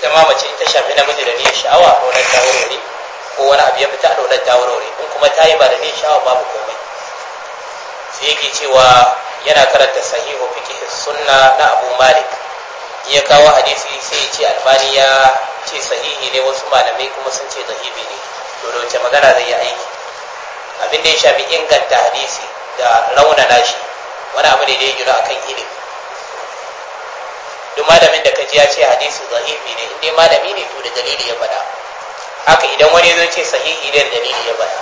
ita ma mace ita shafi namiji da niyyar sha'awa a ronar tawarware ko wani abu ya fita a ronar tawarware in kuma ta yi ba da niyyar sha'awa babu komai sai yake cewa yana karanta sahihu fiqh sunna na Abu Malik ya kawo hadisi sai ya ce albani ya ce sahihi ne wasu malamai kuma sun ce zahibi ne dole wace magana zai yi aiki abin da ya shafi inganta hadisi da raunana shi wani abu ne da ya gina akan ilimi duk malamin da kaji ya ce hadisi zahifi ne inda malami ne to da dalili ya faɗa haka idan wani zo ce sahihi ne da dalili ya faɗa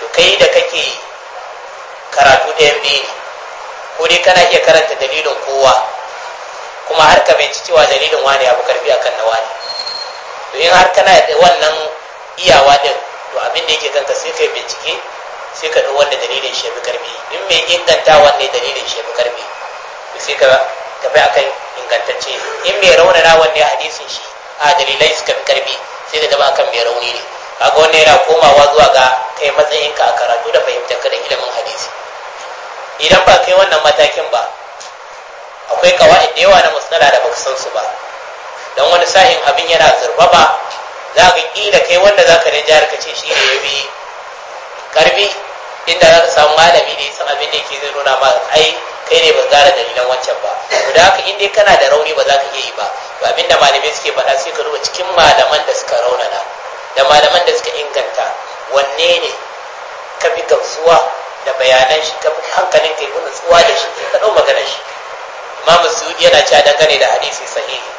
to kai da kake karatu ɗayan biyu ko dai kana iya karanta dalilin kowa kuma har ka bai cewa dalilin wani abu karfi akan na wani to in har kana da wannan iyawa din to abin da yake kanka sai kai bincike sai ka ɗau wanda dalilin shi fi karfi in mai inganta wanne dalilin shi fi karfi sai ka tafi akan ingantacce in mai raunana wanne hadisin shi a dalilai suka fi karfi sai ka zama akan mai rauni ne kaga ya yana komawa zuwa ga kai matsayinka a karatu da fahimtar ka da ilimin hadisi idan ba kai wannan matakin ba akwai kawai da yawa na matsala da baka san su ba don wani sa'in abin yana zurbaba za ka kila kai wanda za ka jihar ka ce shi ne ya bi karfi inda za ka samu malami da ya san abin da yake zai nuna ma ai kai ne ba gara dalilan wancan ba Guda da inda kana da rauni ba za ka iya yi ba Ba abin da malamai suke faɗa sai ka duba cikin malaman da suka raunana da malaman da suka inganta wanne ne ka fi gamsuwa da bayanan shi ka fi hankalin ka yi tsuwa da shi ka ɗau maganar shi imamu suyudi yana cewa dangane da hadisi sahihi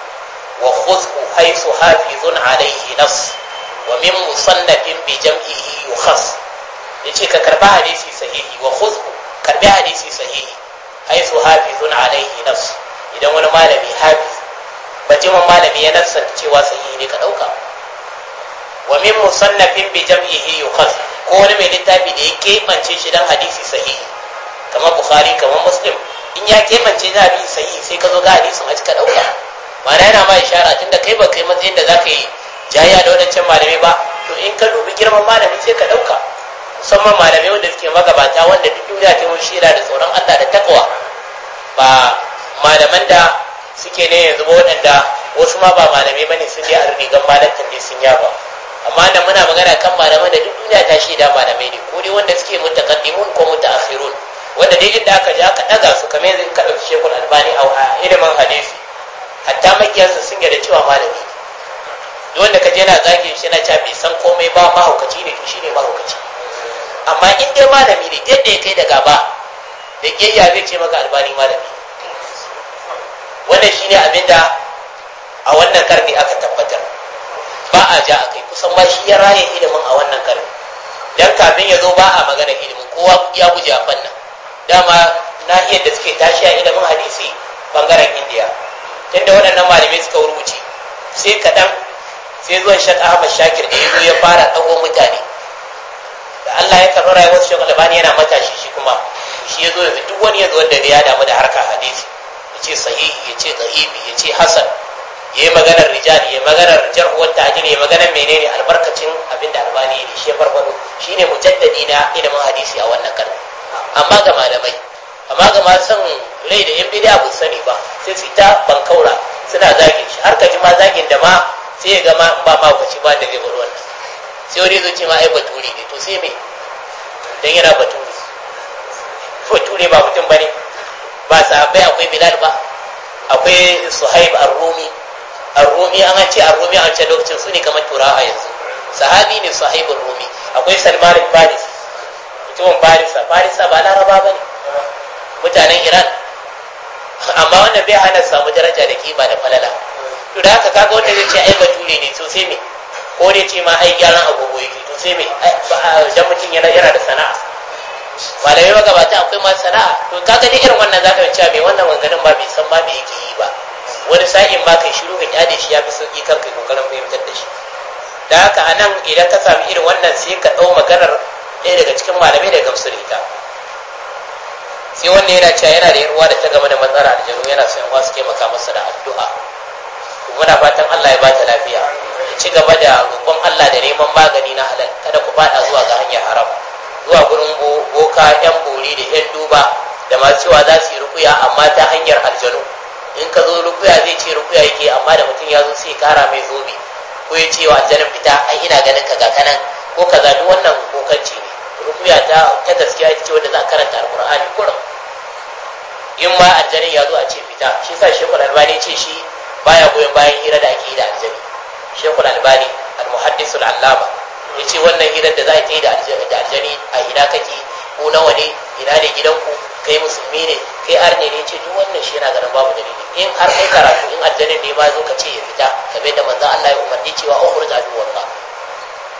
wa khuzhu haisu hafizun alaihi nas wa min musannafin bi jam'ihi yukhas yace ka karba hadisi sahihi wa khudhu karbi hadisi sahihi haythu hafizun alaihi nafs idan wani malami hafiz mun malami ya nassa cewa sahihi ne ka dauka wa min musannafin bi jam'ihi yuqas ko wani mai littafi da ya kebance shi dan hadisi sahihi kamar bukhari kamar muslim in ya kebance da hadisi sahihi sai ka zo ga hadisin a cika dauka ma'ana yana ma ishara tunda kai ba kai matsayin da zaka yi jayya da wadancan malamai ba to in ka dubi girman malami sai ka dauka musamman malamai wanda suke magabata wanda duk duniya ta wuce shira da tsoron Allah da takwa ba malaman da suke ne yanzu ba waɗanda wasu ma ba malamai bane sun je a rigan malakin da sun yaba amma da muna magana kan malaman da duk duniya ta shida malamai ne ko dai wanda suke mutaqaddimun ko mutaakhirun wanda dai inda aka je aka daga su kamar yanzu ka dauki Sheikhul Albani a ilimin hadisi hatta makiyansa sun da cewa malami ne wanda ka je na zage shi na ca bai san komai ba mahaukaci ne to shine mahaukaci amma in dai malami ne dai da kai da gaba da kiyayya zai ce maka albani malami wannan shine abin da a wannan karni aka tabbatar ba a ja a kai kusan ba shi ya raye ilimin a wannan karni dan kafin ya zo ba a magana ilimin kowa ya guje a fannin dama nahiyar da suke tashi a ilimin hadisi bangaren indiya tunda waɗannan malamai suka rubuce sai kaɗan sai zuwan shan ahmad shakir da ya fara ɗago mutane da Allah ya karɓi rayuwar Sheikh Albani yana matashi shi kuma shi ya zo yanzu duk wani yanzu wanda ya damu da harkar hadisi ya ce sahihi ya ce zahibi ya ce hasan ya yi maganar rijal ya maganar jarhuwar tajir ya maganar menene albarkacin abinda albani ne shi ya farfado shi ne mujaddadi na ilimin hadisi a wannan karni amma ga malamai amma ga masu rai da yan bidiya ba sani ba sai su ta kaura suna zagin shi har ka ji zagin da ma sai ya gama ba ma ba da zai wannan sai wani zai ce ma ai bature ne to sai me dan yana bature baturi ba mutum bane ba bai akwai bilal ba akwai suhaib ar-rumi ar-rumi an ce ar-rumi an ce lokacin su ne kamar turawa yanzu sahabi ne suhaib ar-rumi akwai salman al mutumin farisa farisa ba laraba ba ne mutanen iran amma wannan bai hana samu daraja da kima da falala to da haka kaga wanda zai ce ai bature ne to sai me ko dai ce ma ai gyaran agogo yake to sai me dan mutum yana yana da sana'a malamai magabata akwai ma sana'a to kaga dai irin wannan zaka cewa me wannan wanganin ba bai san ma me yake yi ba wani sa'in ma kai shiru ka kyale shi ya fi sauki kan kai kokarin fahimtar da shi da haka a nan idan ka sami irin wannan sai ka ɗau maganar ɗaya daga cikin malamai da gamsu ita sai wannan yana cewa yana da yarwa da ta game da matsala da jaro yana son wasu maka masa da addu'a muna fatan allah ya ba ta lafiya ci gaba da roƙon Allah da neman magani na halal kada ku fada zuwa ga hanyar haram zuwa gurin boka yan bori da yan duba da masu cewa za su yi rukuya amma ta hanyar aljanu in ka zo rukuya zai ce rukuya yake amma da mutum ya zo sai kara mai zobe ko ya ce wa aljanin fita ai ina ganin ka ga kanan ko ka zaɓi wannan bokanci rukuya ta ta gaskiya ita ce wanda za a karanta alƙur'ani kurum in ma aljanin ya zo a ce fita shi sa shekul albani ce shi baya goyon bayan hira da ake yi da aljani shekul albani al-muhaddis al-allama yace wannan gidan da za ta yi da aljani a ina kake ko nawa ne ina ne gidanku kai musulmi ne kai arne ne ce duk wannan shi yana ganin babu dalili in har kai karatu in aljanin ne ma zo ka ce ya fita kamar da manzon Allah ya umarni cewa ukhruj aduwwallah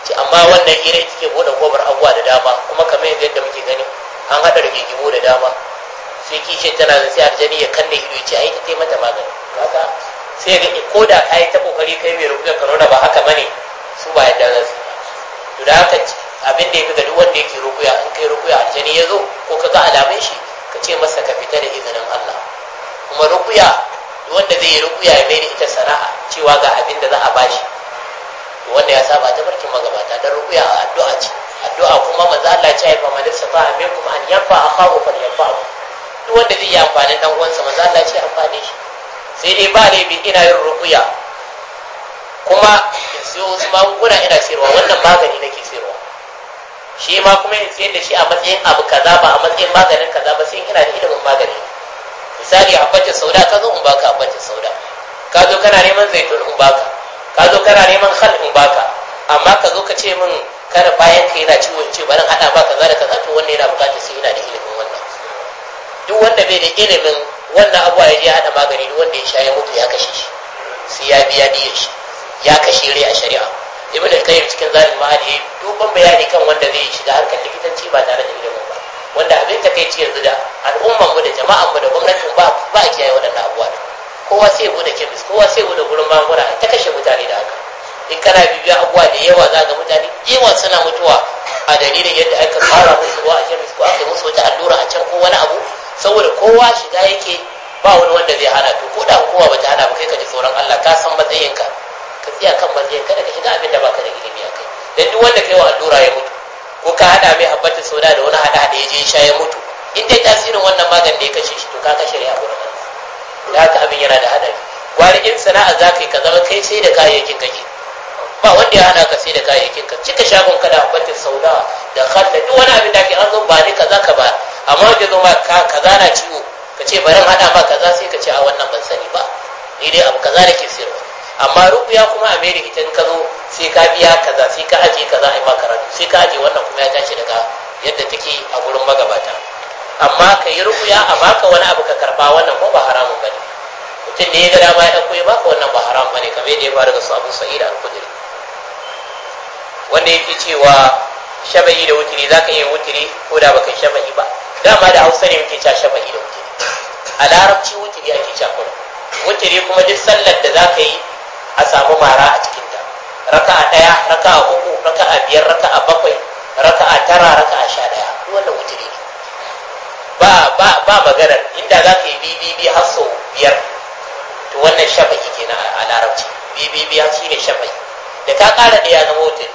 ce amma wannan hira kike bude gobar abuwa da dama kuma kamar yadda muke gani an hada rigigimu da dama sai kishin tana zai aljani ya kanne ido ya ce ai ta mata magani sai ga ko da ka yi ta kokari kai mai rubuta ka ba haka bane su ba yadda za su yi da haka abin da yake ga duk wanda yake rukuya in kai rukuya aljani ya zo ko ka ga alamun shi ka ce masa ka fita da izinin Allah kuma rukuya wanda zai yi rukuya ya mai da ita sana'a cewa ga abin da za a bashi wanda ya saba ta barkin magabata don rukuya a addu'a ce addu'a kuma manzo Allah ya ce fa man safa kuma an yanfa akhahu yafa duk wanda zai yi amfani dan uwansa manzo Allah ya ce amfani shi sai dai ba laifi ina yin rukuya kuma in siyo wasu magunguna ina sayarwa wannan magani nake sayarwa shi ma kuma in sayar da shi a matsayin abu kaza ba a matsayin maganin kaza ba sai ina da ilimin magani misali a bacin sauda ka zo in baka a bacin sauda ka zo kana neman zaitun in baka ka zo kana neman hal in baka amma ka zo ka ce min kada bayan ka yana ciwon ce bari hada ba kaza da kaza to wannan yana bukatar sai ina da ilimin wannan duk wanda bai da ilimin wannan abuwa ya je hada magani duk wanda ya sha ya mutu ya kashe shi sai ya biya diya shi ya kashe rai a shari'a ibn al-qayyim cikin zalim ma'ali duban bayani kan wanda zai shiga harkar likitanci ba tare da ilimin ba wanda abin ta kai yanzu da al'umman mu da jama'an mu da gwamnatin ba ba a kiyaye waɗannan abuwa kowa sai bude kemis kowa sai bude gurin magunguna ta kashe mutane da haka in kana bibiya abuwa da yawa za ga mutane yawa suna mutuwa a dalilin yadda aka fara musu ruwa a kemis ko aka musu wata allura a can ko wani abu saboda kowa shiga yake ba wani wanda zai hana to koda kowa ba ta hana ba kai ka ji tsoron Allah ka san matsayinka ka tsaya kan matsayin kada ka shiga abin da baka da ilimi a kai dan duk wanda kai wa allura ya mutu ko ka hada mai habbatin soda da wani hada da ya je sha ya mutu in dai tasirin wannan maganin ya kashe shi to ka ka ya gurin Allah da haka abin yana da hadari gwari in sana'a za ka yi ka zama kai sai da kayayyakin kake ba wanda ya hana ka sai da kayayyakin ka cika shagon ka da habbatin sauda da khalla duk wani abin da ke an zo ba ne kaza ka ba amma ka zo ka kaza na ciwo ka ce bari hada ma kaza sai ka ce a wannan ban sani ba ni dai abu kaza da ke sirwa amma rubuya kuma a mere ita ka zo sai ka biya kaza sai ka aje kaza a yi ma karatu sai ka aje wannan kuma ya tashi daga yadda take a gurin magabata amma ka yi rubuya a baka wani abu ka karba wannan ko ba haramun bane mutum ne ya ga dama ya ɗauko ya baka wannan ba haramun bane kamar yadda ya faru da su abu sa'ida al-kudri wanda yake cewa shaba'i da wutiri ka iya wutiri ko da baka shaba'i ba dama da hausa ne muke cashe shafa'i da wutiri a larabci wutiri ake cakura kuma wutiri kuma duk sallar da za ka yi a samu mara a cikin ta raka a ɗaya raka a uku raka a biyar raka a bakwai raka a tara raka a sha ɗaya duk wannan wutiri ne ba ba ba magana inda za ka yi bibibi har sau biyar to wannan shafa'i kenan a larabci bibibi har shi ne shafa'i da ka ƙara ya zama wutiri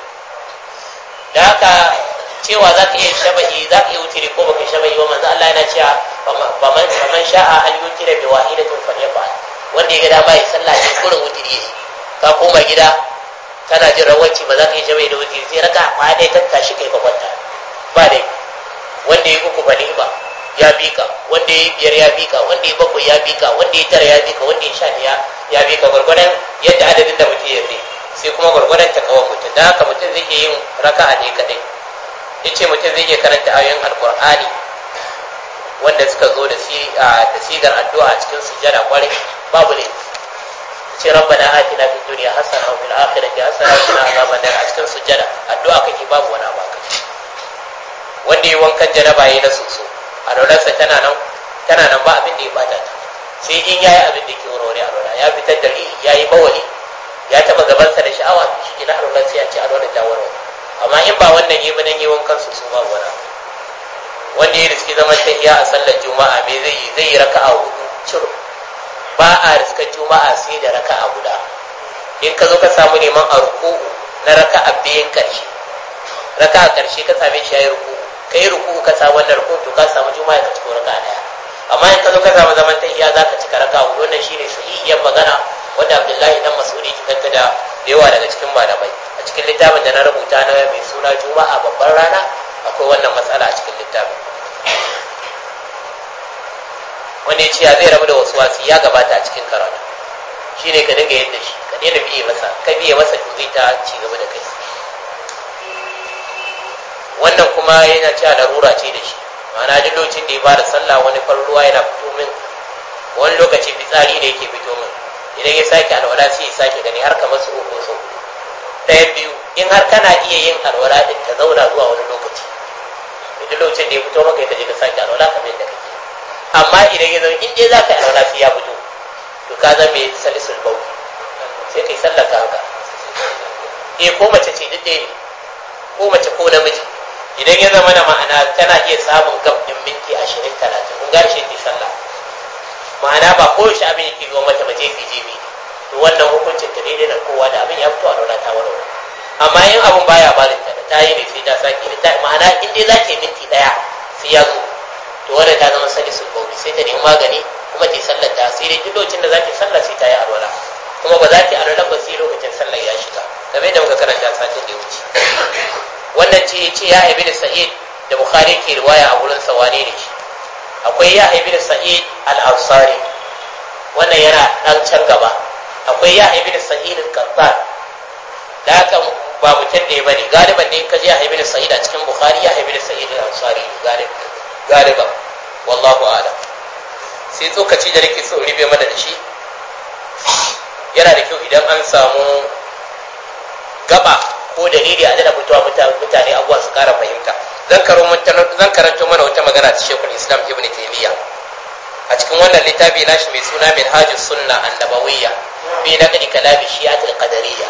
da haka cewa za ka iya shaba'i za ka iya wutire ko baka shaba'i ba manzo Allah yana cewa ba man man sha'a an da bi wahidatin falyafal wanda ya ga dama ya sallah ya wuce ne. ka koma gida kana jin rawanci ba za ka iya shaba'i da wuce sai raka ba dai tattashi kai ka kwanta ba dai wanda ya kuku bani ba ya bika wanda ya biyar ya bika wanda ya bakwai ya bika wanda ya tara ya bika wanda ya sha ya bika gwargwadon yadda adadin da mutum ya sai kuma gwargwadon ta kawo mutum da haka mutum zai yin raka'a ne kadai ya ce mutum zai iya karanta ayoyin alkur'ani wanda suka zo da sigar addu'a a cikin sujada kwarai babu ne ce rabbana atina fid dunya hasana wa fil akhirati hasana wa qina azaban nar a cikin sujada addu'a kake babu wani abu kake wanda yi wankan janaba yayi na soso a sa tana nan tana nan ba abin da ya bata ta sai in yayi abin da ke wurare a lola ya fitar da ya yi bawali ya taba gabansa da sha'awa shi kina a sai ya ce a lola ta warware amma in ba wannan yi nan yiwon kansu su ba wani wanda ya riski zaman iya a sallar juma'a me zai yi zai yi a hudu ciro ba a riska juma'a sai da raka a guda in ka zo ka samu neman a ruku na raka a biyan karshe a karshe ka same shi ya yi ruku Ka yi ruku ka samu wannan ruku to ka samu juma'a ka ciko a daya amma in ka zo ka samu zaman za ka cika raka a hudu wannan ne sahihiyar magana wanda abdullahi dan masudi ke tattara da yawa daga cikin malamai a cikin littafin da na rubuta na mai suna juma'a babban rana akwai wannan matsala a cikin littafin wani ya ce ya zai rabu da wasu wasu ya gabata a cikin karatu shi ne ka dinga yadda shi ka daina biye masa ka biye masa to zai ta ci gaba da kai wannan kuma yana cewa larura ce da shi ma'ana duk lokacin da ya fara sallah wani farruwa yana fito min wani lokaci fitsari da yake fito min idan ya sake alwala sai ya sake gani har kamar su uku so ɗaya biyu in har kana iya yin alwala din ta zauna zuwa wani lokaci idan lokacin da ya fito maka ya taje ka sake alwala kamar yadda kake amma idan ya zama in dai za ka yi alwala sai ya fito to ka zama mai salisul bau sai ka yi sallar ka haka eh ko mace ce duk ɗaya ne ko mace ko namiji idan ya zama na ma'ana tana iya samun gab ɗin minti ashirin talatin kun gashi ne sallah ma'ana ba ko shi abin yake yiwa mata ba fi jibi to wannan hukuncin ta daidai da kowa da abin ya fito a nuna ta wani amma in abin baya barinta da ta yi ne sai ta sake ni. ta ma'ana in dai za minti ɗaya sai ya zo to wanda ta zama sani sun bauki sai ta nemi magani kuma ta yi sallar ta sai dai duk lokacin da zaki sallar sai ta yi alwala kuma ba za ki yi alwala ba sai lokacin sallar ya shiga game da muka karanta satin da ya wuce wannan ce ya ce ya aibi da sa'id da bukhari ke riwaya a wurin sawane da shi akwai ya da sa'id al-ansari wannan yana ɗan can gaba akwai ya da sa'id al-qattan da aka ba mutum ne bane galiban ne kaje ya da sa'id a cikin bukhari ya da sa'id al-ansari galiban wallahu a'lam sai tsokaci da nake so ribe mana da shi yana da kyau idan an samu gaba ko dalili a dana mutuwa mutane abuwa su kara fahimta zan karanto mana wata magana ta shekul islam ibn taymiya a cikin wannan littafi nashi mai suna min hajji sunna annabawiyya fi na kadi kalabi shi'atul qadariyya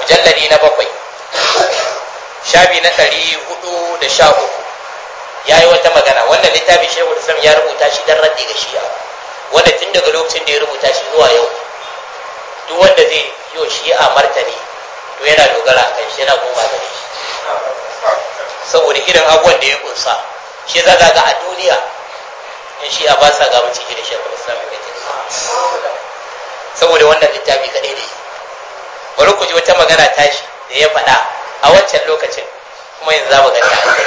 mujalladi na bakwai shabi na ɗari hudu da sha uku ya yi wata magana wannan littafi shehu islam ya rubuta shi dan raddi ga shi'a wanda tun daga lokacin da ya rubuta shi zuwa yau duk wanda zai yi wa shi'a martani to yana dogara kan shi yana goma da shi saboda irin abubuwan da ya kunsa shi za ga a duniya in shi a ba sa gaban ciki da shekaru islam ke saboda wannan littafi kaɗai ne bari ku ji wata magana tashi da ya faɗa a wancan lokacin kuma yanzu za mu ga a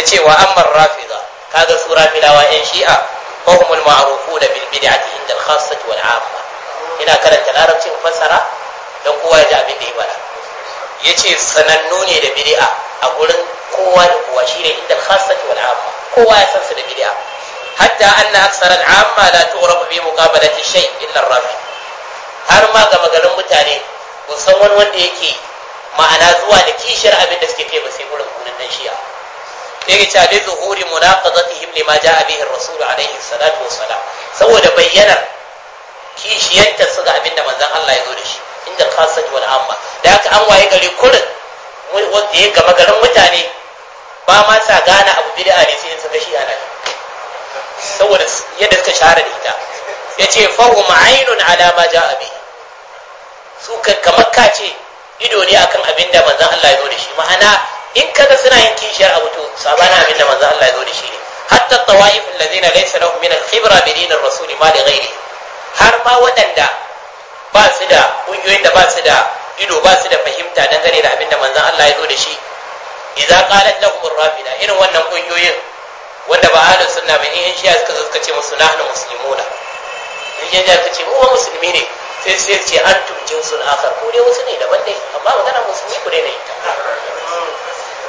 ya ce wa ammar rafiza kaga su rafidawa yan shi'a ko humul ma'rufu da bil bid'ati inda al-khassati wal 'amma ina karanta larabcin fassara don kowa ya ji abin da ya faɗa ce sanannu ne da bid'a a gurin kowa da kowa shine inda al-khassati wal amma kowa ya san su da bid'a hatta anna aksara al-amma la tu'rafu bi muqabalati shay illa ar-rafi har ma ga maganin mutane ko san wani wanda yake ma'ana zuwa da kishiyar abin da suke kai ba sai gurin gurin dan shi'a yake cewa bi zuhuri munaqadatihim lima ja'a bihi ar-rasul alayhi salatu wassalam saboda bayyanar kishiyanta su ga abin da manzon Allah ya zo da shi inda al-khassati wal amma da haka an waye gare kurin wanda ya gama garin mutane ba ma sa gane abu bid'a ne sai in suka shi ana saboda yadda suka shahara da ita yace fa hum aynun ala ma ja'a bi su kamar ka ce ido ne akan abin da manzon Allah ya zo da shi ma'ana in kaga suna yin kishiyar abu to sabana abin da manzon Allah ya zo da shi ne hatta tawaif allazina laysa lahum min al-khibra bi din rasul ma li ghairi har ma wadanda ba su da kungiyoyin da ba su da ido ba su da fahimta dangane da abin da manzon Allah ya zo da shi idza qalat lahum rafida irin wannan kungiyoyin wanda ba ahlus sunna ba in shi suka zo suka ce musu nahnu muslimuna in shi'a suka ce mu musulmi ne sai sai ce antum jinsun akhar ko dai wasu ne daban dai amma magana musulmi ku dai ne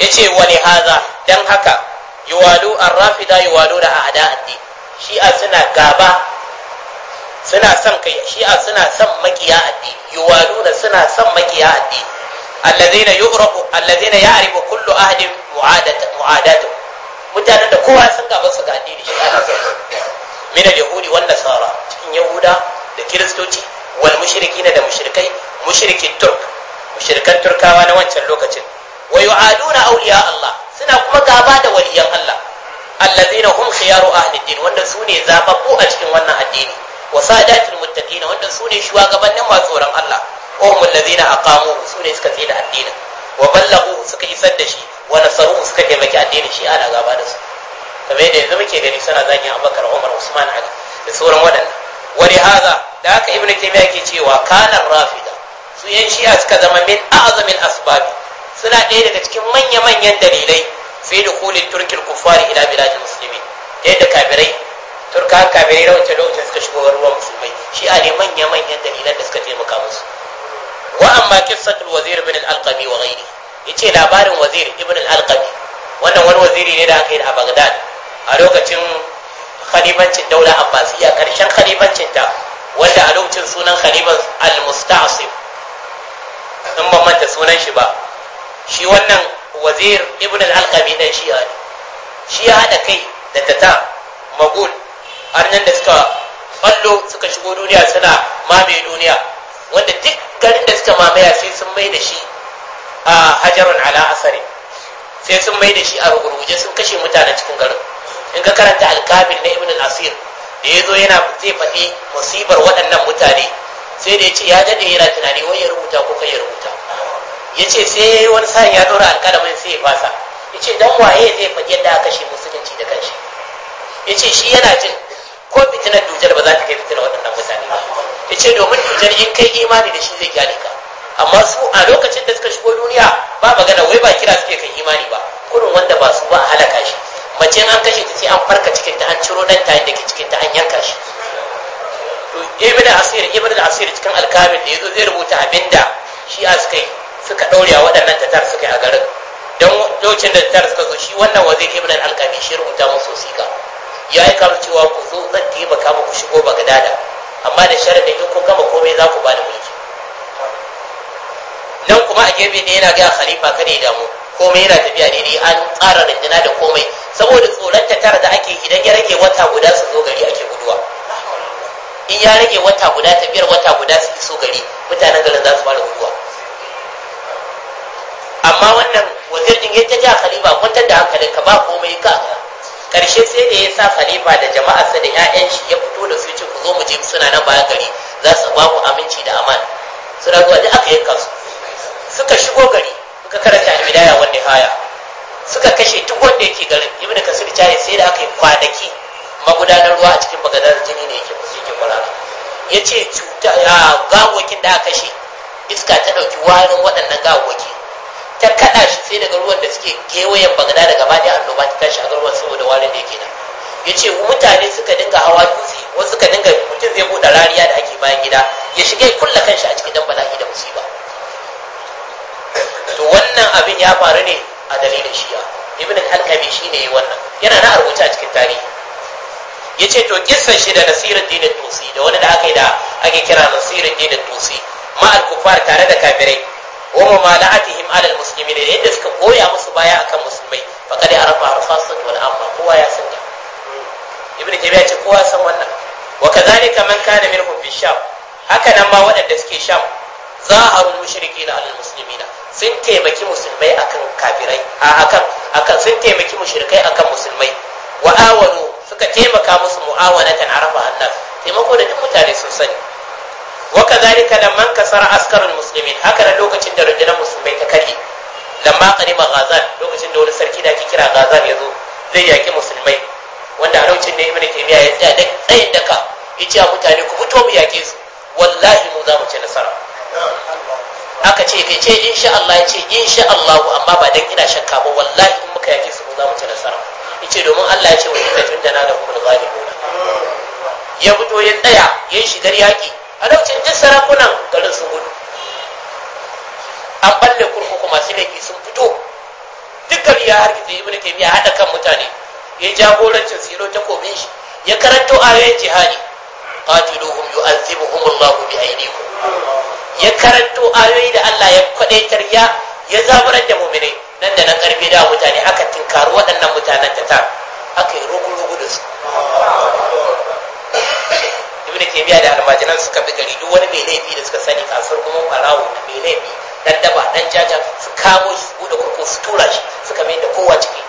yace wani hadha dan haka yuwalu ar-rafida yuwalu da addi shi a suna gaba suna son kai shi'a suna son makiya addi yuwalu suna son makiya addi allazina yu'rafu allazina ya'rifu kullu ahadin mu'adata mu'adatu mutanen da kowa sun gaba su ga addini shi ana so min al-yahudi wan nasara cikin yahuda da kiristoci wal mushrikin da mushrikai mushrikin turk mushrikan turkawa na wancan lokacin wa yu'aduna awliya Allah suna kuma gaba da waliyan Allah allazina hum khiyaru ahli din wanda su ne zababbu a cikin wannan addini wa sadatul muttaqin wanda su ne shugabannin masu tsoron Allah وهم الذين أقاموه سنة wa الدين وبلغوه سكا يسدشي ونصروه سكا يمكي الدين شيء أنا غابانسو kamar yadda yanzu muke gani suna zagin abubakar umar usman ali da sauran waɗannan wani haza da haka ibnu taymiya ke cewa kanar rafida su yan shi'a suka zama min a'zamin asbabi suna ɗaya daga cikin manya-manyan dalilai fi da kulin turkin kufari ila bilajin musulmi da yadda kabirai turka kabirai da wancan lokacin suka ruwan musulmai shi'a ne manya-manyan dalilai da suka taimaka musu wa amma qissatul wazir ibn al-alqami wa ghayri yace labarin wazir ibn al-alqami wannan wani waziri ne da aka yi a Baghdad a lokacin khalifancin daula Abbasiyya karshen khalifancin ta wanda a lokacin sunan khalifan al-musta'sib in ba manta sunan shi ba shi wannan wazir ibn al-alqami dan shi ne shi ya hada kai da tata magul har nan da suka fallo suka shigo duniya suna mamaye duniya wanda duk garin da suka mamaya sai sun mai da shi a hajarun ala asari sai sun mai da shi a rugurguje sun kashe mutane cikin garin in ka karanta alkabil na ibn al-asir da ya zo yana zai faɗi musibar waɗannan mutane sai da ya ce ya dade yana tunani wai ya rubuta ko kai ya rubuta ya ce sai ya yi wani sa'in ya ɗora alkalamin sai ya fasa ya ce dan waye zai faɗi yadda aka kashe musulunci da kanshi ya ce shi yana jin ko fitinar dujar ba za ta kai fitinar waɗannan mutane ba ya ce domin cutar in kai imani da shi zai gyale ka amma su a lokacin da suka shigo duniya ba magana wai ba kira suke kan imani ba kurin wanda ba su ba a halaka shi mace an kashe ta sai an farka cikin ta an ciro dan ta yadda ke cikin ta an yanka shi to ibn asir ibn asir cikin al-kamil da yazo zai rubuta abinda shi a suka suka daure a waɗannan tatar suka yi a garin don lokacin da tatar suka zo shi wannan wazir ibn alkami shi rubuta musu sika ya aika cewa ku zo zan taimaka muku shigo bagdada amma da sharadin in kun gama komai za ku ba da mulki nan kuma a gefe ne yana gaya khalifa kada ya damu komai yana tafiya daidai an tsara rundunar da komai saboda tsoron ta tara da ake idan ya rage wata guda su zo gari ake guduwa in ya rage wata guda tafiyar wata guda su iso gari mutanen garin za su fara guduwa amma wannan wazir din ya ta ja khalifa kwantar da hankalin ka ba komai ka karshe sai da ya sa khalifa da jama'arsa da 'ya'yan shi ya fito da su ce ku zo mu je suna nan bayan gari za su ba ku aminci da aman suna zuwa duk aka yanka su suka shigo gari suka karanta bidaya wanda haya suka kashe duk wanda yake garin ibn kasir jari sai da aka yi kwanaki magudanar ruwa a cikin bagadar jini ne yake yake Ya yace cuta gawokin da aka kashe iska ta ɗauki warin waɗannan gawokin ta kada shi sai daga ruwan da suke kewayen bagada daga ba da annoba ta tashi a garuruwan saboda warin da yake nan ya ce mutane suka dinga hawa dutse wasu suka dinga mutum zai buɗe rariya da ake bayan gida ya shiga ya kulla kanshi a cikin dambala da musiba to wannan abin ya faru ne a dalilin shi'a ibn al-alkami shine wannan yana na rubuce a cikin tarihi yace to kissan shi da nasirin dinin tusi da wani da aka yi da ake kira nasirin dinin tusi ma al-kufar tare da kafirai wa mumana'atihim alal muslimin da yadda suka koya musu baya akan musulmai faqad arafa arfasat wal amma kowa ya san ibnu tabiya ce kowa san wannan wa kadhalika man kana minhum fi sham haka nan ma waɗanda suke sham zaharul mushrikina alal muslimina sun taimaki musulmai akan kafirai a akan akan sun taimaki mushrikai akan musulmai wa awalu suka taimaka musu mu'awanatan arafa annas taimako da duk mutane sun sani Waka وكذلك لما انكسر عسكر المسلمين هكذا لوكacin da rundunar musulmai ta kare lamma qarima Gazan, lokacin da wani sarki da ake kira ya zo, zai yaƙi musulmai wanda haraucin ne ibnu taymiya ya tsaya da tsayin daka yace a mutane ku fito mu yake su wallahi mu za mu ci nasara aka ce kai ce insha Allah ya ce insha Allah amma ba dan ina shakka ba wallahi in muka yake su mu za mu ci nasara yace domin Allah ya ce wa inna jundana lahumul ghalibun ya fito ya tsaya ya shigar yaƙi. a lokacin duk sarakunan garin sun gudu an balle kurkuku masu laifi sun fito duk gari ya ta ibn taymiya haɗa kan mutane ya jagorancin siro ta komin shi ya karanto ayoyin jihadi qatiluhum yu'azzibuhum Allah bi aydikum ya karanto ayoyi da Allah ya kwadaitar ya ya zaburar da mu'minai nan da nan karfe da mutane aka tinkaro caca su kamo shi buɗe kurkuku su tura shi su kame da kowa ciki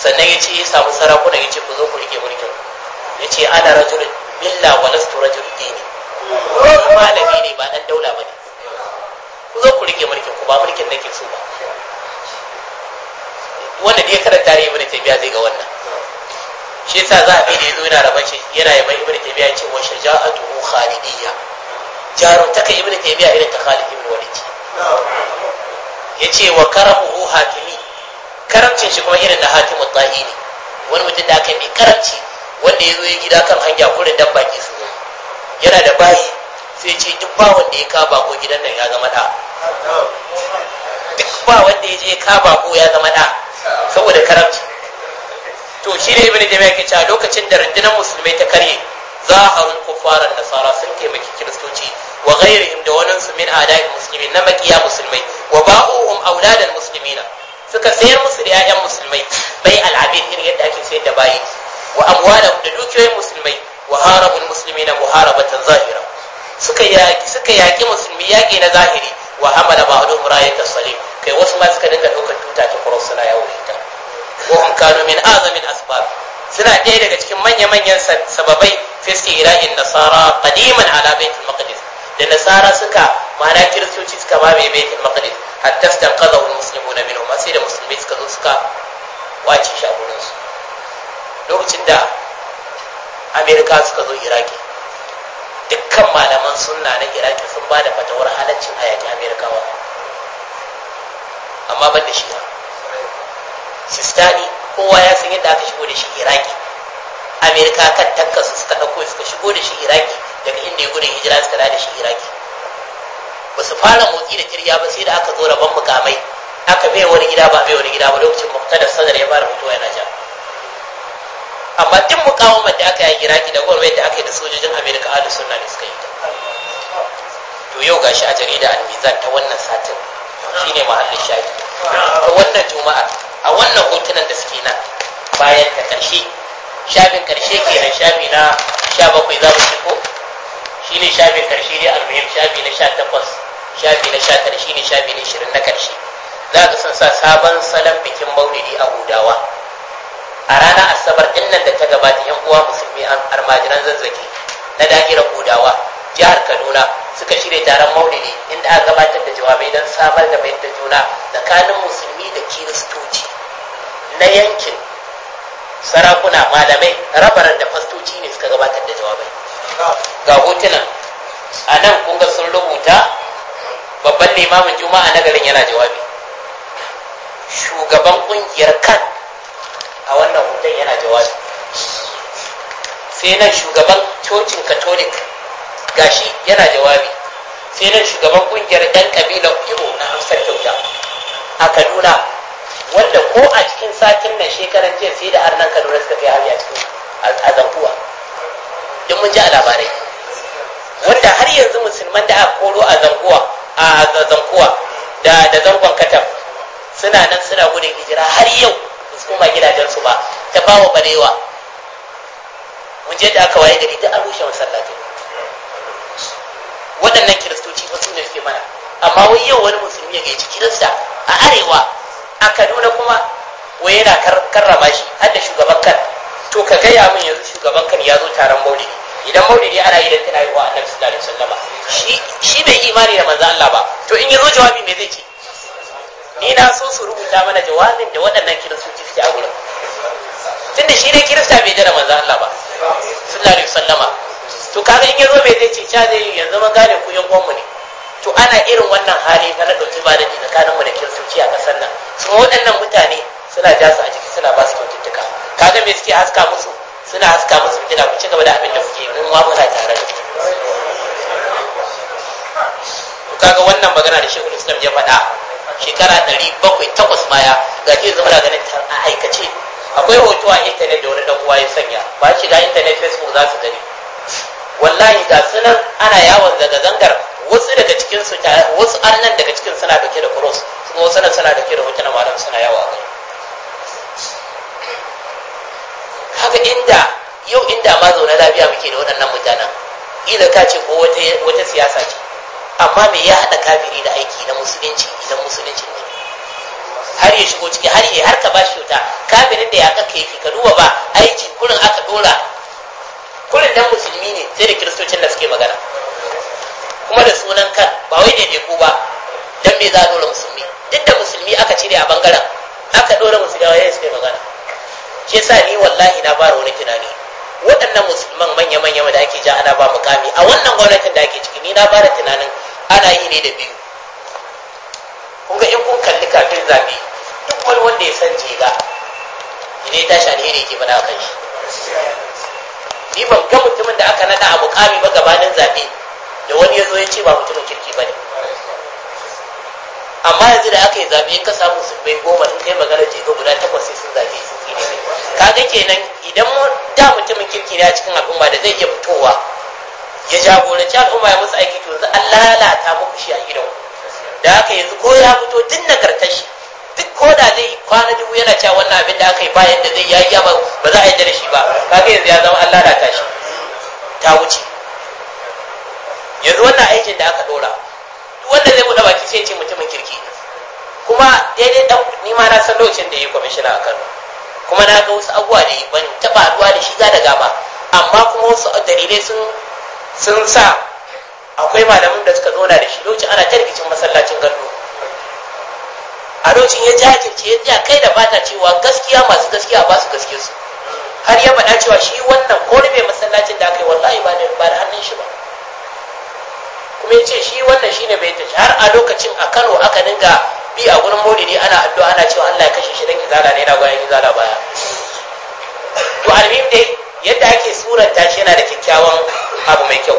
sannan ya ce ya samu sarakuna ya ce ku zo ku rike mulkin ya ce ana rajulun milla wa lastu rajul dini malami ne ba dan daula ba ne ku zo ku rike mulkin ku ba mulkin nake so ba wanda ne karanta ne ibnu taymiya zai ga wannan shi yasa za a bi da yazo yana raba ce yana yaba ibnu taymiya ce wa shaja'atu khalidiyya jarumtaka ibnu taymiya irin ta khalid ibnu walid ya ce wa karamuhu hakimi karamcin shi kuma irin da hatimun ne wani mutum da aka mai karamci wanda ya zo ya gida kan hanya kurin dan baki su yana da bayi sai ce duk ba wanda ya kaba ko gidan nan ya zama da duk ba wanda ya je ya kaba ko ya zama da saboda karamci to shi ne ibn jami'a ke cewa lokacin da rundunar musulmai ta karye za a zaharun kufarar nasara sun taimaki kiristoci wa ghairihim da wani su min adai muslimin na makiya musulmai wa ba'uhum auladan muslimina suka sayar musu da 'ya'yan musulmai bai al'abid irin yadda ake sayar da bayi wa amwalahum da dukiyoyin musulmai wa harabul muslimina muharabatan zahira suka yaki suka yaki musulmi yaki na zahiri wa hamala ba'dhum rayat as-salim kai wasu ma suka dinga daukar tuta ta cross suna yawo ita wa hum kanu min azamin asbab suna ɗaya daga cikin manya-manyan sababai fiski in nasara qadiman ala baitul maqdis da nasara suka mana kiristoci suka mai baitul maqdis hatta istanqadhahu almuslimuna ma sai da musulmai suka zo suka wace shi a gurin su lokacin da amerika suka zo iraki dukkan malaman sunna na iraki sun ba da fatawar halaccin hayakin amerikawa amma ban da shi na sistani kowa ya san yadda aka shigo da shi iraki amerika kan takkasu suka ɗauko suka shigo da shi iraki daga inda ya gudun hijira suka da shi iraki ba su fara motsi da jirya ba sai da aka zo rabon mukamai aka bai wani gida ba bai wani gida ba lokacin muktada sadar ya fara fitowa yana ja amma duk mukawamar da aka yi iraki da gwamnati da aka yi da sojojin amerika alu sunna ne suka yi ta to yau gashi a jarida al-mizan ta wannan satin shine mahallin shaki a wannan juma'a a wannan hotunan da suke nan bayan ta karshe shafin karshe da shafi na sha bakwai za mu shigo shi ne shafin karshe ne almuhim shafi na sha takwas shafi na sha tara shi ne shafi na ishirin na karshe za ka san sa sabon salon bikin maulidi a hudawa a ranar asabar din nan da ta gabata yan uwa musulmi an armajiran zazzaki na da'irar hudawa jihar kaduna suka shirya taron maulidi inda aka gabatar da jawabai don samar da fahimtar juna tsakanin musulmi da kiristoci na yankin sarakuna malamai rabaran da fastoci ne suka gabatar da jawabai ga hotunan a nan kunga sun rubuta babban limamin juma'a na garin yana jawabi shugaban kungiyar kan a wannan hoton yana jawabi sai nan shugaban cocin katolik gashi yana jawabi sai nan shugaban kungiyar yan kabilar ibo na amsar kyauta a kaduna wanda ko a cikin satin nan shekaran jiya sai da arnan kaduna suka kai hari a cikin a zankuwa don mun ji a labarai wanda har yanzu musulman da aka koro a zankuwa a zankuwa da da zangon katam suna nan suna gudun hijira har yau ba su koma gidajensu ba ta bawa barewa mun je da aka waye gari da an rushe masallatai waɗannan kiristoci wasu ne suke mana amma wai yau wani musulmi ya gaici kirista a arewa a kaduna kuma wai yana karrama shi har da shugaban kan to ka gaya min yanzu shugaban kan ya zo taron maulidi idan maulidi ana yi dan tana yi wa annabi sallallahu alaihi wasallam shi shi bai imani da manzo Allah ba to in yazo jawabi me zai ce ni na so su rubuta mana jawabin da waɗannan kiristoci suke a gurin tunda shi ne kirista bai jira manzo Allah ba sallallahu alaihi wasallam to kaga in yazo me zai ce cha zai yanzu mun gane ku yan mu ne to ana irin wannan hali ta na dauki ba da tsakaninmu da kiristoci a kasar nan Su waɗannan mutane suna jasa a jiki suna ba su kyaututtuka kaga me suke haska musu suna haska musu fitila ku ci gaba da abin da kuke mun ma muna tare da ku kaga wannan magana da shekul islam ya faɗa shekara ɗari bakwai takwas baya ga ke zama da ganin ta a aikace akwai hoto a intanet da wani ɗan uwa ya sanya ba shi da intanet facebook za su gani wallahi ga sunan ana yawon zanga-zangar wasu daga cikin su wasu annan daga cikin suna dauke da cross kuma wasu suna dauke da hotunan malam suna yawo a gani kaga inda yau inda ma zaune lafiya muke da waɗannan mutanen ila ka ce ko wata siyasa ce amma me ya haɗa kafiri da aiki na musulunci idan musulunci ne har ya shigo ciki har ya har ka ba shi wuta kafirin da ya kaka yake ka duba ba aiki kurin aka dora kurin dan musulmi ne sai da kiristocin da suke magana kuma da sunan kan ba wai ne ku ba dan me za a dora musulmi duk da musulmi aka cire a bangaren aka dora musulmi ya suke magana shi yasa ni wallahi na bara wani tunani waɗannan musulman manya manya da ake ja ana ba mukami a wannan gwamnatin da ake ciki ni na bara tunanin ana yi ne da biyu kun ga in kun kalli kafin zabe duk wani wanda ya san jega ne ya tashi alheri ke faɗa kan shi ni ban ga mutumin da aka nada a mukami ba gabanin zabe da wani ya zo ya ce ba mutumin kirki ba ne amma yanzu da aka yi zabe ka samu sun bai goma in kai magana jega guda takwas sai sun zabe su kaga kenan idan da mutumin kirki ne a cikin al'umma da zai iya fitowa ya jagoranci al'umma ya musu aiki to yanzu an lalata muku shi a gidan da haka yanzu ko ya fito duk nagartar shi duk ko da zai kwana dubu yana cewa wannan abin da aka yi bayan da zai yi ba ba za a yi da shi ba kaga yanzu ya zama an lalata shi ta wuce yanzu wannan aikin da aka dora duk wanda zai buɗe baki sai ce mutumin kirki kuma daidai ɗan ni ma na san lokacin da ya yi kwamishina a Kano kuma na ga wasu abubuwa da ban taɓa haɗuwa da shi daga ba amma kuma wasu dalilai sun sun sa akwai malamin da suka zauna da shi lokacin ana tarkicin masallacin gallo a lokacin ya jajirce ya tsaya kai da bata cewa gaskiya masu gaskiya ba su gaske su har ya faɗa cewa shi wannan ko mai masallacin da aka yi wallahi ba da ba da hannun shi ba kuma ya ce shi wannan shine bai tashi har a lokacin a Kano aka dinga bi a gurin maulidi ana addu'a ana cewa Allah ya kashe shi dan kizala ne yana gwaya kizala baya to alhim dai yadda ake suranta shi yana da kyakkyawan abu mai kyau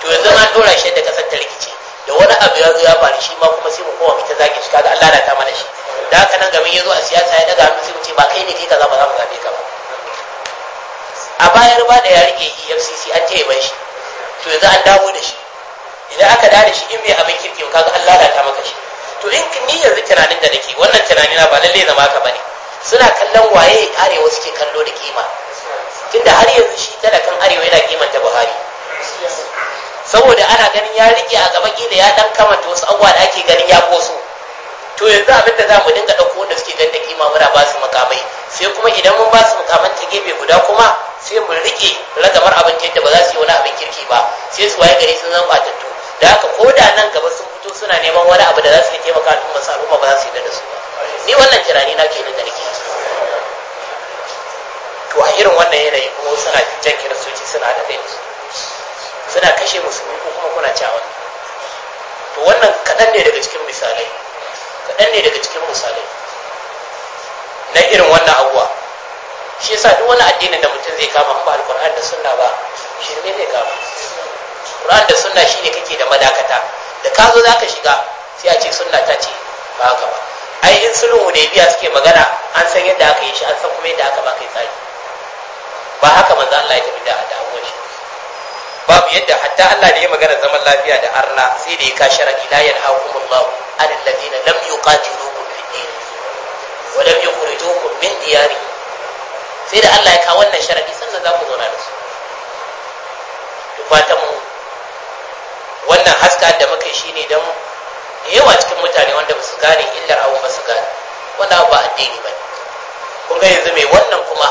to yanzu an dora shi da kasar ta rikice da wani abu ya zo ya faru shi ma kuma sai mu kowa ta zage shi kaga Allah na ta mana shi da haka nan gaban yazo a siyasa ya daga hannu sai mu ce ba kai ne kai kaza ba za mu zabe ka ba a bayar ba da ya rike EFCC an ce ban shi to yanzu an dawo da shi idan aka dawo da shi in bai abin kirki kaga Allah na ta maka shi to in yanzu tunanin da nake wannan tunanina ba lalle zama ka bane suna kallon waye arewa suke kallo da kima tunda har yanzu shi talakan arewa yana kimanta buhari saboda ana ganin ya rike a gaba kila ya dan kamata wasu abubuwa da ake ganin ya koso to yanzu abin da za mu dinga ɗauko wanda suke ganin da kima muna ba su makamai sai kuma idan mun ba su makaman ta gefe guda kuma sai mu rike ragamar abin da yadda ba za su yi wani abin kirki ba sai su waye gari sun zama ɓatattu da haka ko da nan gaba sun fito suna neman wani abu da za su yi taimaka al'umma su al'umma ba za su yi da su ba ni wannan tunani na ke da nake to a irin wannan yanayi kuma suna jan kiristoci suna da dai suna kashe musulmi ko kuma kuna cewa to wannan kaɗan ne daga cikin misalai kaɗan ne daga cikin misalai na irin wannan abuwa shi yasa duk wani addinin da mutum zai kama ba alkur'an da sunna ba shi ne zai kama Kur'an da sunna shine kake da madakata da ka zo zaka shiga sai a ce sunna ta ce ba haka ba ai in sulhu hudaybiya suke magana an san yadda aka yi shi an san kuma yadda aka ba tsari ba haka manzo Allah ya tafi da da'awar shi babu yadda hatta Allah da ya magana zaman lafiya da arna sai da ya ka sharadi la yanhaqumullahu alal ladina lam yuqatilukum fid din wa lam yukhrijukum min diyari sai da Allah ya kawo wannan sharadi sannan za ku zauna da su fatan wannan haska da muka shi ne don yawa cikin mutane wanda ba su gane illar abu ba su gane wannan abu ba addini ba kun ga yanzu mai wannan kuma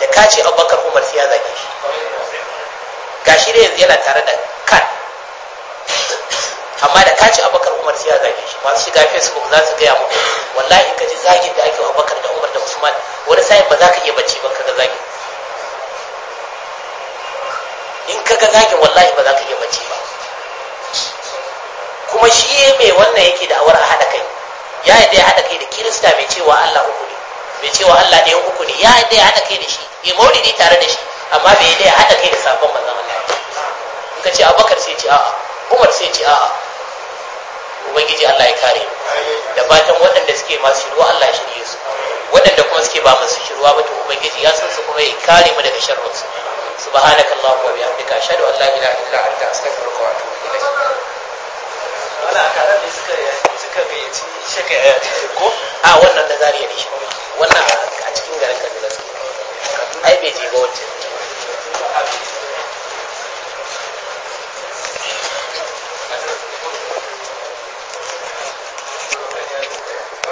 da ka ce abubakar umar sai ya zage shi gashi da yanzu yana tare da kan amma da ka ce abubakar umar sai ya zage shi masu shiga facebook za su gaya muku wallahi ka ji zagin da ake abubakar da umar da usman wani sa'in ba za ka iya bacci ba kaga zagin in kaga zagin wallahi ba za ka iya bacci ba kuma shi mai wannan yake da awar a haɗa kai ya yadda ya haɗa kai da kirista mai cewa Allah uku ne mai cewa Allah ɗaya uku ne ya yadda ya haɗa kai da shi ya ne tare da shi amma bai yadda ya haɗa kai da sabon manzon Allah in ka ce Abubakar sai ce a'a Umar sai ce a'a ubangiji Allah ya kare da fatan waɗanda suke masu shiruwa Allah ya shirye su waɗanda kuma suke ba masu shiruwa ba to ubangiji ya san su kuma ya kare mu daga sharrin su subhanakallahumma wa bihamdika ashhadu an la ilaha illa anta astaghfiruka wa atubu ilayk wannan a taron ne suka suka gayyaci shaka ya ce ko a wannan da zariya ne wannan a cikin garin kaduna suke ai bai je ba wancan